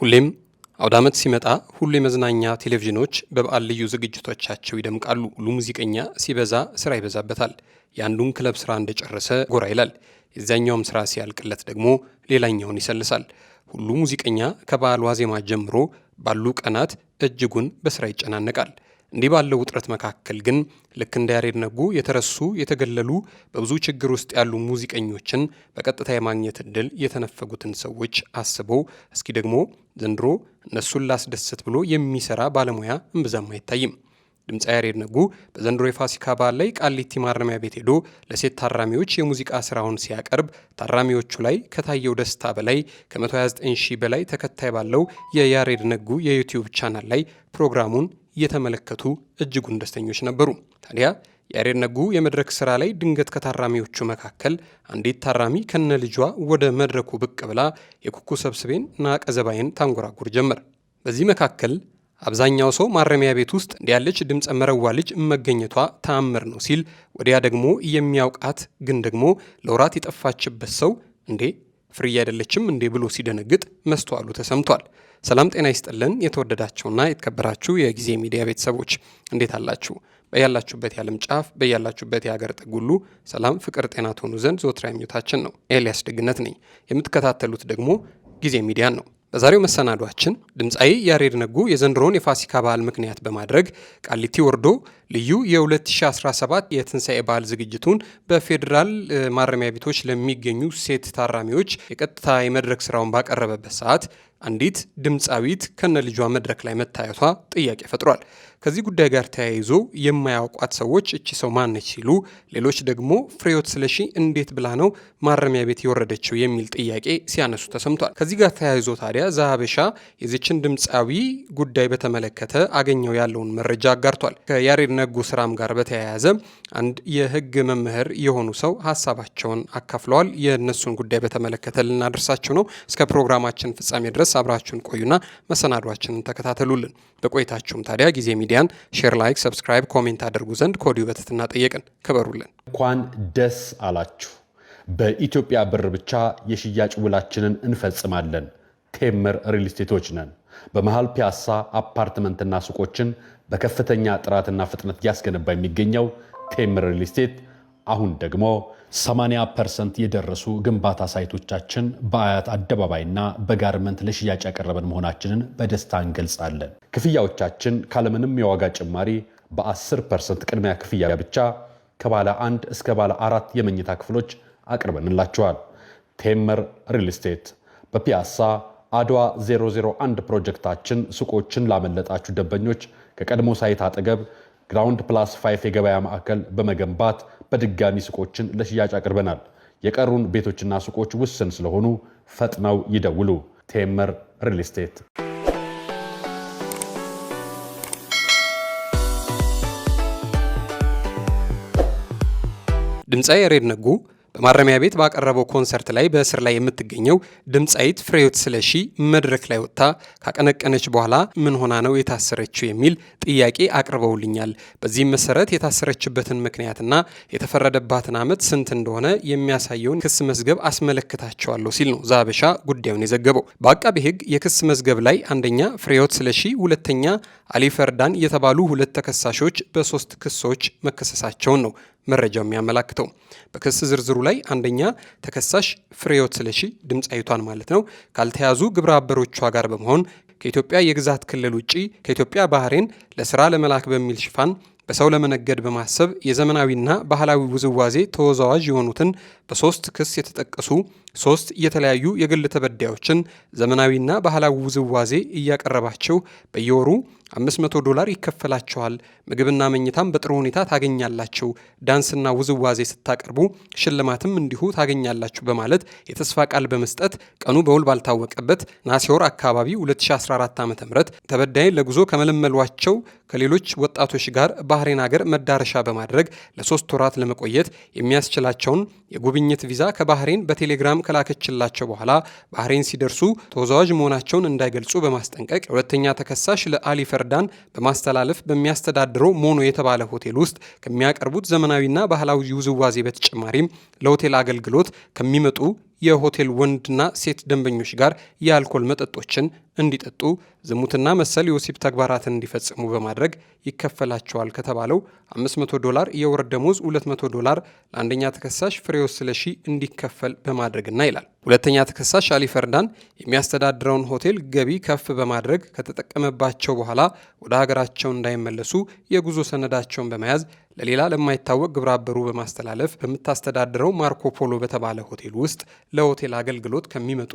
ሁሌም አውደ ዓመት ሲመጣ ሁሉ የመዝናኛ ቴሌቪዥኖች በበዓል ልዩ ዝግጅቶቻቸው ይደምቃሉ። ሁሉ ሙዚቀኛ ሲበዛ ስራ ይበዛበታል። የአንዱን ክለብ ስራ እንደጨረሰ ጎራ ይላል። የዚያኛውም ስራ ሲያልቅለት ደግሞ ሌላኛውን ይሰልሳል። ሁሉ ሙዚቀኛ ከበዓል ዋዜማ ጀምሮ ባሉ ቀናት እጅጉን በስራ ይጨናነቃል። እንዲህ ባለው ውጥረት መካከል ግን ልክ እንደ ያሬድ ነጉ የተረሱ የተገለሉ በብዙ ችግር ውስጥ ያሉ ሙዚቀኞችን በቀጥታ የማግኘት እድል የተነፈጉትን ሰዎች አስበው እስኪ ደግሞ ዘንድሮ እነሱን ላስደስት ብሎ የሚሰራ ባለሙያ እምብዛም አይታይም። ድምፃ ያሬድ ነጉ በዘንድሮ የፋሲካ በዓል ላይ ቃሊቲ ማረሚያ ቤት ሄዶ ለሴት ታራሚዎች የሙዚቃ ስራውን ሲያቀርብ ታራሚዎቹ ላይ ከታየው ደስታ በላይ ከ129 ሺህ በላይ ተከታይ ባለው የያሬድ ነጉ የዩቲዩብ ቻናል ላይ ፕሮግራሙን እየተመለከቱ እጅጉን ደስተኞች ነበሩ። ታዲያ የአሬድ ነጉ የመድረክ ስራ ላይ ድንገት ከታራሚዎቹ መካከል አንዲት ታራሚ ከነ ልጇ ወደ መድረኩ ብቅ ብላ የኩኩ ሰብስቤን ናቀዘባይን ታንጎራጉር ጀመር። በዚህ መካከል አብዛኛው ሰው ማረሚያ ቤት ውስጥ እንዲያለች ድምፀ መረዋ ልጅ መገኘቷ ተአምር ነው ሲል፣ ወዲያ ደግሞ የሚያውቃት ግን ደግሞ ለወራት የጠፋችበት ሰው እንዴ ፍርዬ አይደለችም እንዴ ብሎ ሲደነግጥ መስተዋሉ ተሰምቷል። ሰላም ጤና ይስጥልን። የተወደዳችሁና የተከበራችሁ የጊዜ ሚዲያ ቤተሰቦች እንዴት አላችሁ? በያላችሁበት የዓለም ጫፍ በያላችሁበት የሀገር ጥግ ሁሉ ሰላም፣ ፍቅር፣ ጤና ትሆኑ ዘንድ ዘወትር ምኞታችን ነው። ኤልያስ ደግነት ነኝ። የምትከታተሉት ደግሞ ጊዜ ሚዲያን ነው። በዛሬው መሰናዷችን ድምፃዊ ያሬድ ነጉ የዘንድሮውን የፋሲካ በዓል ምክንያት በማድረግ ቃሊቲ ወርዶ ልዩ የ2017 የትንሣኤ በዓል ዝግጅቱን በፌዴራል ማረሚያ ቤቶች ለሚገኙ ሴት ታራሚዎች የቀጥታ የመድረክ ስራውን ባቀረበበት ሰዓት አንዲት ድምፃዊት ከነልጇ መድረክ ላይ መታየቷ ጥያቄ ፈጥሯል። ከዚህ ጉዳይ ጋር ተያይዞ የማያውቋት ሰዎች እቺ ሰው ማነች ሲሉ፣ ሌሎች ደግሞ ፍሬዎት ስለሺ እንዴት ብላ ነው ማረሚያ ቤት የወረደችው የሚል ጥያቄ ሲያነሱ ተሰምቷል። ከዚህ ጋር ተያይዞ ታዲያ ዘሀበሻ የዚችን ድምፃዊ ጉዳይ በተመለከተ አገኘው ያለውን መረጃ አጋርቷል። ከያሬድ ነጉ ስራም ጋር በተያያዘ አንድ የህግ መምህር የሆኑ ሰው ሀሳባቸውን አካፍለዋል። የእነሱን ጉዳይ በተመለከተ ልናደርሳችሁ ነው። እስከ ፕሮግራማችን ፍጻሜ ድረስ ድረስ አብራችሁን ቆዩና መሰናዷችንን ተከታተሉልን። በቆይታችሁም ታዲያ ጊዜ ሚዲያን ሼር፣ ላይክ፣ ሰብስክራይብ፣ ኮሜንት አድርጉ ዘንድ ከወዲሁ በትህትና ጠየቅን። ክበሩልን። እንኳን ደስ አላችሁ። በኢትዮጵያ ብር ብቻ የሽያጭ ውላችንን እንፈጽማለን። ቴምር ሪል ስቴቶች ነን። በመሃል ፒያሳ አፓርትመንትና ሱቆችን በከፍተኛ ጥራትና ፍጥነት እያስገነባ የሚገኘው ቴምር ሪል ስቴት አሁን ደግሞ 80 ፐርሰንት የደረሱ ግንባታ ሳይቶቻችን በአያት አደባባይና በጋርመንት ለሽያጭ ያቀረበን መሆናችንን በደስታ እንገልጻለን። ክፍያዎቻችን ካለምንም የዋጋ ጭማሪ በ10 ፐርሰንት ቅድሚያ ክፍያ ብቻ ከባለ አንድ እስከ ባለ አራት የመኝታ ክፍሎች አቅርበንላቸዋል። ቴምር ሪል ስቴት በፒያሳ አድዋ 001 ፕሮጀክታችን ሱቆችን ላመለጣችሁ ደንበኞች ከቀድሞ ሳይት አጠገብ ግራውንድ ፕላስ ፋይፍ የገበያ ማዕከል በመገንባት በድጋሚ ሱቆችን ለሽያጭ አቅርበናል። የቀሩን ቤቶችና ሱቆች ውስን ስለሆኑ ፈጥነው ይደውሉ። ቴምር ሪል ስቴት። ድምፃዊ ያሬድ ነጉ በማረሚያ ቤት ባቀረበው ኮንሰርት ላይ በእስር ላይ የምትገኘው ድምፃዊት ፍሬህይወት ስለሺ መድረክ ላይ ወጥታ ካቀነቀነች በኋላ ምን ሆና ነው የታሰረችው የሚል ጥያቄ አቅርበውልኛል። በዚህም መሰረት የታሰረችበትን ምክንያትና የተፈረደባትን ዓመት ስንት እንደሆነ የሚያሳየውን ክስ መዝገብ አስመለክታቸዋለሁ ሲል ነው ዛበሻ ጉዳዩን የዘገበው። በአቃቤ ሕግ የክስ መዝገብ ላይ አንደኛ ፍሬህይወት ስለሺ፣ ሁለተኛ አሊ ፈርዳን የተባሉ ሁለት ተከሳሾች በሶስት ክሶች መከሰሳቸውን ነው መረጃው የሚያመላክተው። በክስ ዝርዝሩ ላይ አንደኛ ተከሳሽ ፍሬሕይወት ስለሺ ድምፃዊቷን ማለት ነው ካልተያዙ ግብረ አበሮቿ ጋር በመሆን ከኢትዮጵያ የግዛት ክልል ውጪ ከኢትዮጵያ ባህሬን ለስራ ለመላክ በሚል ሽፋን በሰው ለመነገድ በማሰብ የዘመናዊና ባህላዊ ውዝዋዜ ተወዛዋዥ የሆኑትን በሶስት ክስ የተጠቀሱ ሶስት የተለያዩ የግል ተበዳዮችን ዘመናዊና ባህላዊ ውዝዋዜ እያቀረባቸው በየወሩ 500 ዶላር ይከፈላችኋል፣ ምግብና መኝታም በጥሩ ሁኔታ ታገኛላችሁ፣ ዳንስና ውዝዋዜ ስታቀርቡ ሽልማትም እንዲሁ ታገኛላችሁ በማለት የተስፋ ቃል በመስጠት ቀኑ በውል ባልታወቀበት ነሐሴ ወር አካባቢ 2014 ዓ ም ተበዳይ ለጉዞ ከመለመሏቸው ከሌሎች ወጣቶች ጋር ባህሬን ሀገር መዳረሻ በማድረግ ለሶስት ወራት ለመቆየት የሚያስችላቸውን የጉብኝት ቪዛ ከባህሬን በቴሌግራም ከላከችላቸው በኋላ ባህሬን ሲደርሱ ተወዛዋዥ መሆናቸውን እንዳይገልጹ በማስጠንቀቅ ሁለተኛ ተከሳሽ ለአሊፈ ፈርዳን በማስተላለፍ በሚያስተዳድረው ሞኖ የተባለ ሆቴል ውስጥ ከሚያቀርቡት ዘመናዊና ባህላዊ ውዝዋዜ በተጨማሪም ለሆቴል አገልግሎት ከሚመጡ የሆቴል ወንድና ሴት ደንበኞች ጋር የአልኮል መጠጦችን እንዲጠጡ ዝሙትና መሰል የወሲብ ተግባራትን እንዲፈጽሙ በማድረግ ይከፈላቸዋል ከተባለው 500 ዶላር የወር ደሞዝ 200 ዶላር ለአንደኛ ተከሳሽ ፍሬዎስ ስለሺ እንዲከፈል በማድረግና ይላል። ሁለተኛ ተከሳሽ አሊ ፈርዳን የሚያስተዳድረውን ሆቴል ገቢ ከፍ በማድረግ ከተጠቀመባቸው በኋላ ወደ ሀገራቸው እንዳይመለሱ የጉዞ ሰነዳቸውን በመያዝ ለሌላ ለማይታወቅ ግብረ አበሩ በማስተላለፍ በምታስተዳድረው ማርኮ ፖሎ በተባለ ሆቴል ውስጥ ለሆቴል አገልግሎት ከሚመጡ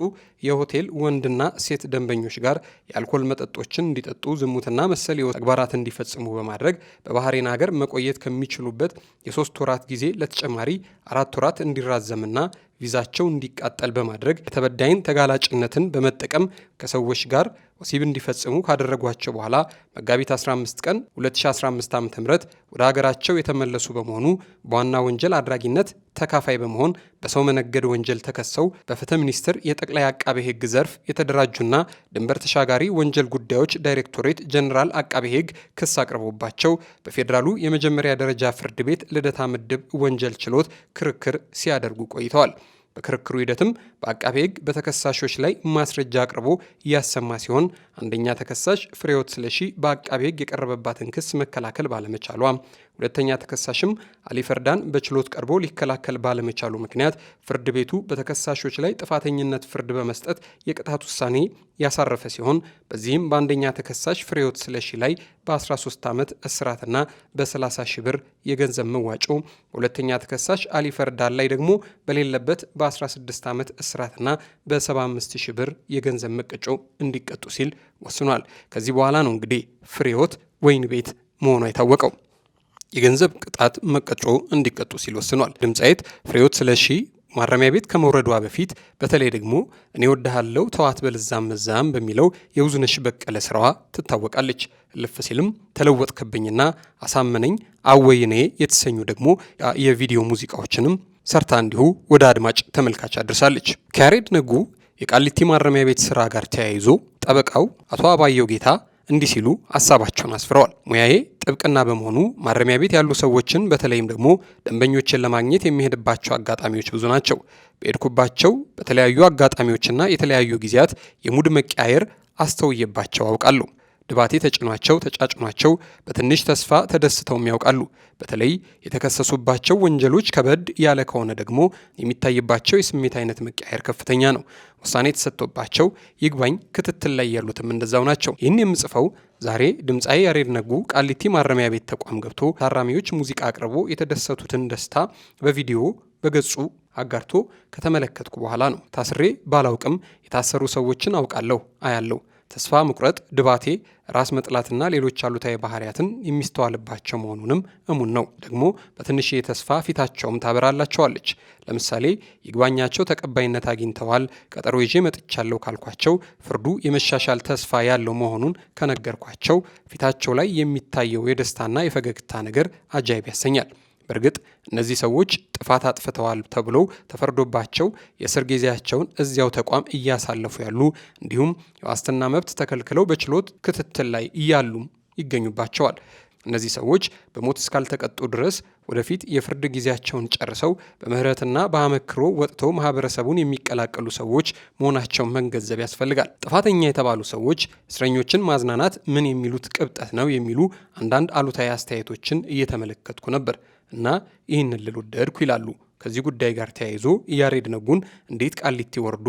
የሆቴል ወንድና ሴት ደንበኞች ጋር የአልኮል መጠጦችን እንዲጠጡ ዝሙትና መሰል ተግባራት እንዲፈጽሙ በማድረግ በባህሬን ሀገር መቆየት ከሚችሉበት የሶስት ወራት ጊዜ ለተጨማሪ አራት ወራት እንዲራዘምና ቪዛቸው እንዲቃጠል በማድረግ የተበዳይን ተጋላጭነትን በመጠቀም ከሰዎች ጋር ወሲብ እንዲፈጽሙ ካደረጓቸው በኋላ መጋቢት 15 ቀን 2015 ም ወደ ሀገራቸው የተመለሱ በመሆኑ በዋና ወንጀል አድራጊነት ተካፋይ በመሆን በሰው መነገድ ወንጀል ተከሰው በፍትህ ሚኒስቴር የጠቅላይ አቃቤ ሕግ ዘርፍ የተደራጁና ድንበር ተሻጋሪ ወንጀል ጉዳዮች ዳይሬክቶሬት ጀኔራል አቃቤ ሕግ ክስ አቅርቦባቸው በፌዴራሉ የመጀመሪያ ደረጃ ፍርድ ቤት ልደታ ምድብ ወንጀል ችሎት ክርክር ሲያደርጉ ቆይተዋል። በክርክሩ ሂደትም በአቃቤ ሕግ በተከሳሾች ላይ ማስረጃ አቅርቦ እያሰማ ሲሆን አንደኛ ተከሳሽ ፍሬዎት ስለሺ በአቃቤ ሕግ የቀረበባትን ክስ መከላከል ባለመቻሏ፣ ሁለተኛ ተከሳሽም አሊ ፈርዳን በችሎት ቀርቦ ሊከላከል ባለመቻሉ ምክንያት ፍርድ ቤቱ በተከሳሾች ላይ ጥፋተኝነት ፍርድ በመስጠት የቅጣት ውሳኔ ያሳረፈ ሲሆን በዚህም በአንደኛ ተከሳሽ ፍሬዎት ስለሺ ላይ በ13 ዓመት እስራትና በ30 ሺህ ብር የገንዘብ መዋጮ፣ ሁለተኛ ተከሳሽ አሊ ፈርዳን ላይ ደግሞ በሌለበት በ16 ዓመት እስራትና በ75 ሺህ ብር የገንዘብ መቀጮ እንዲቀጡ ሲል ወስኗል። ከዚህ በኋላ ነው እንግዲህ ፍሬህይወት ወይን ቤት መሆኗ የታወቀው። የገንዘብ ቅጣት መቀጮ እንዲቀጡ ሲል ወስኗል። ድምፃዊት ፍሬህይወት ስለሺ ማረሚያ ቤት ከመውረዷ በፊት በተለይ ደግሞ እኔ ወድሃለው ተዋት በልዛም መዛም በሚለው የብዙነሽ በቀለ ስራዋ ትታወቃለች። ልፍ ሲልም ተለወጥክብኝና አሳመነኝ አወይኔ የተሰኙ ደግሞ የቪዲዮ ሙዚቃዎችንም ሰርታ እንዲሁ ወደ አድማጭ ተመልካች አድርሳለች። ከያሬድ ነጉ የቃሊቲ ማረሚያ ቤት ስራ ጋር ተያይዞ ጠበቃው አቶ አባየው ጌታ እንዲህ ሲሉ ሀሳባቸውን አስፍረዋል። ሙያዬ ጥብቅና በመሆኑ ማረሚያ ቤት ያሉ ሰዎችን በተለይም ደግሞ ደንበኞችን ለማግኘት የሚሄድባቸው አጋጣሚዎች ብዙ ናቸው። በሄድኩባቸው በተለያዩ አጋጣሚዎችና የተለያዩ ጊዜያት የሙድ መቀያየር አስተውየባቸው አውቃለሁ። ድባቴ ተጭኗቸው ተጫጭኗቸው በትንሽ ተስፋ ተደስተውም ያውቃሉ። በተለይ የተከሰሱባቸው ወንጀሎች ከበድ ያለ ከሆነ ደግሞ የሚታይባቸው የስሜት አይነት መቀያየር ከፍተኛ ነው። ውሳኔ የተሰጥቶባቸው ይግባኝ ክትትል ላይ ያሉትም እንደዛው ናቸው። ይህን የምጽፈው ዛሬ ድምፃዊ ያሬድ ነጉ ቃሊቲ ማረሚያ ቤት ተቋም ገብቶ ታራሚዎች ሙዚቃ አቅርቦ የተደሰቱትን ደስታ በቪዲዮ በገጹ አጋርቶ ከተመለከትኩ በኋላ ነው። ታስሬ ባላውቅም የታሰሩ ሰዎችን አውቃለሁ፣ አያለሁ ተስፋ መቁረጥ፣ ድባቴ፣ ራስ መጥላትና ሌሎች አሉታዊ ባህሪያትን የሚስተዋልባቸው መሆኑንም እሙን ነው። ደግሞ በትንሽዬ ተስፋ ፊታቸውም ታበራላቸዋለች። ለምሳሌ ይግባኛቸው ተቀባይነት አግኝተዋል፣ ቀጠሮ ይዤ መጥቻለሁ ካልኳቸው፣ ፍርዱ የመሻሻል ተስፋ ያለው መሆኑን ከነገርኳቸው፣ ፊታቸው ላይ የሚታየው የደስታና የፈገግታ ነገር አጃይብ ያሰኛል። በእርግጥ እነዚህ ሰዎች ጥፋት አጥፍተዋል ተብሎ ተፈርዶባቸው የእስር ጊዜያቸውን እዚያው ተቋም እያሳለፉ ያሉ እንዲሁም የዋስትና መብት ተከልክለው በችሎት ክትትል ላይ እያሉም ይገኙባቸዋል። እነዚህ ሰዎች በሞት እስካልተቀጡ ድረስ ወደፊት የፍርድ ጊዜያቸውን ጨርሰው በምህረትና በአመክሮ ወጥተው ማህበረሰቡን የሚቀላቀሉ ሰዎች መሆናቸውን መገንዘብ ያስፈልጋል። ጥፋተኛ የተባሉ ሰዎች እስረኞችን ማዝናናት ምን የሚሉት ቅብጠት ነው የሚሉ አንዳንድ አሉታዊ አስተያየቶችን እየተመለከትኩ ነበር። እና ይህንን ልል ወደድኩ ይላሉ። ከዚህ ጉዳይ ጋር ተያይዞ እያሬድ ነጉን እንዴት ቃሊቲ ወርዶ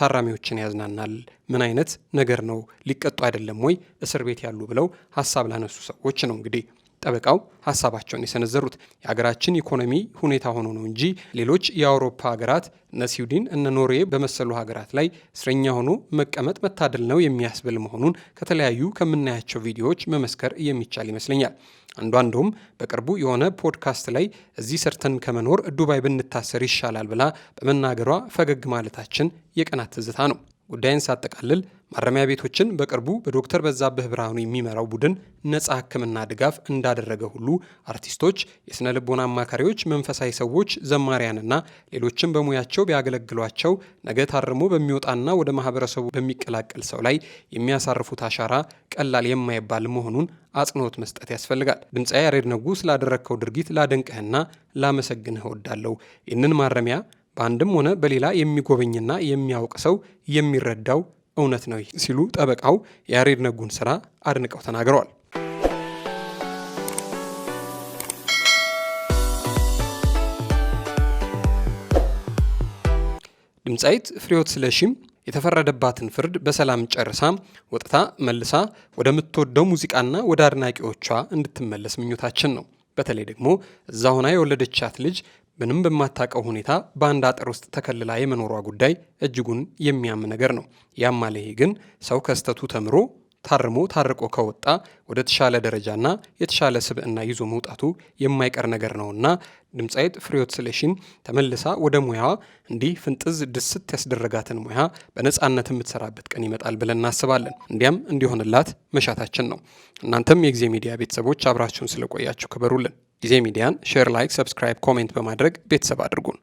ታራሚዎችን ያዝናናል? ምን አይነት ነገር ነው? ሊቀጡ አይደለም ወይ እስር ቤት ያሉ ብለው ሀሳብ ላነሱ ሰዎች ነው እንግዲህ ጠበቃው ሀሳባቸውን የሰነዘሩት የሀገራችን ኢኮኖሚ ሁኔታ ሆኖ ነው እንጂ ሌሎች የአውሮፓ ሀገራት እነ ስዊድን እነ ኖርዌ በመሰሉ ሀገራት ላይ እስረኛ ሆኖ መቀመጥ መታደል ነው የሚያስብል መሆኑን ከተለያዩ ከምናያቸው ቪዲዮዎች መመስከር የሚቻል ይመስለኛል። አንዷ እንደውም በቅርቡ የሆነ ፖድካስት ላይ እዚህ ሰርተን ከመኖር ዱባይ ብንታሰር ይሻላል ብላ በመናገሯ ፈገግ ማለታችን የቀናት ትዝታ ነው። ጉዳይን ሳጠቃልል ማረሚያ ቤቶችን በቅርቡ በዶክተር በዛብህ ብርሃኑ የሚመራው ቡድን ነፃ ሕክምና ድጋፍ እንዳደረገ ሁሉ አርቲስቶች፣ የሥነ ልቦና አማካሪዎች፣ መንፈሳዊ ሰዎች፣ ዘማሪያንና ሌሎችም በሙያቸው ቢያገለግሏቸው ነገ ታርሞ በሚወጣና ወደ ማህበረሰቡ በሚቀላቀል ሰው ላይ የሚያሳርፉት አሻራ ቀላል የማይባል መሆኑን አጽንኦት መስጠት ያስፈልጋል። ድምፃዊ ያሬድ ነጉ ስላደረግከው ድርጊት ላደንቅህና ላመሰግንህ እወዳለሁ። ይህንን ማረሚያ በአንድም ሆነ በሌላ የሚጎበኝና የሚያውቅ ሰው የሚረዳው እውነት ነው ሲሉ ጠበቃው የያሬድ ነጉን ስራ አድንቀው ተናግረዋል። ድምፃዊት ፍሬሕይወት ስለሺም የተፈረደባትን ፍርድ በሰላም ጨርሳ ወጥታ መልሳ ወደምትወደው ሙዚቃና ወደ አድናቂዎቿ እንድትመለስ ምኞታችን ነው። በተለይ ደግሞ እዛ ሆና የወለደቻት ልጅ ምንም በማታውቀው ሁኔታ በአንድ አጥር ውስጥ ተከልላ የመኖሯ ጉዳይ እጅጉን የሚያም ነገር ነው። ያም አለሄ ግን ሰው ከስተቱ ተምሮ ታርሞ ታርቆ ከወጣ ወደ ተሻለ ደረጃና የተሻለ ስብዕና ይዞ መውጣቱ የማይቀር ነገር ነውና ድምፃዊት ፍሬሕይወት ስለሽን ተመልሳ ወደ ሙያዋ እንዲህ ፍንጥዝ ድስት ያስደረጋትን ሙያ በነፃነት የምትሰራበት ቀን ይመጣል ብለን እናስባለን። እንዲያም እንዲሆንላት መሻታችን ነው። እናንተም የጊዜ ሚዲያ ቤተሰቦች አብራችሁን ስለቆያችሁ ክበሩልን። ጊዜ ሚዲያን ሼር፣ ላይክ፣ ሰብስክራይብ፣ ኮሜንት በማድረግ ቤተሰብ አድርጉን።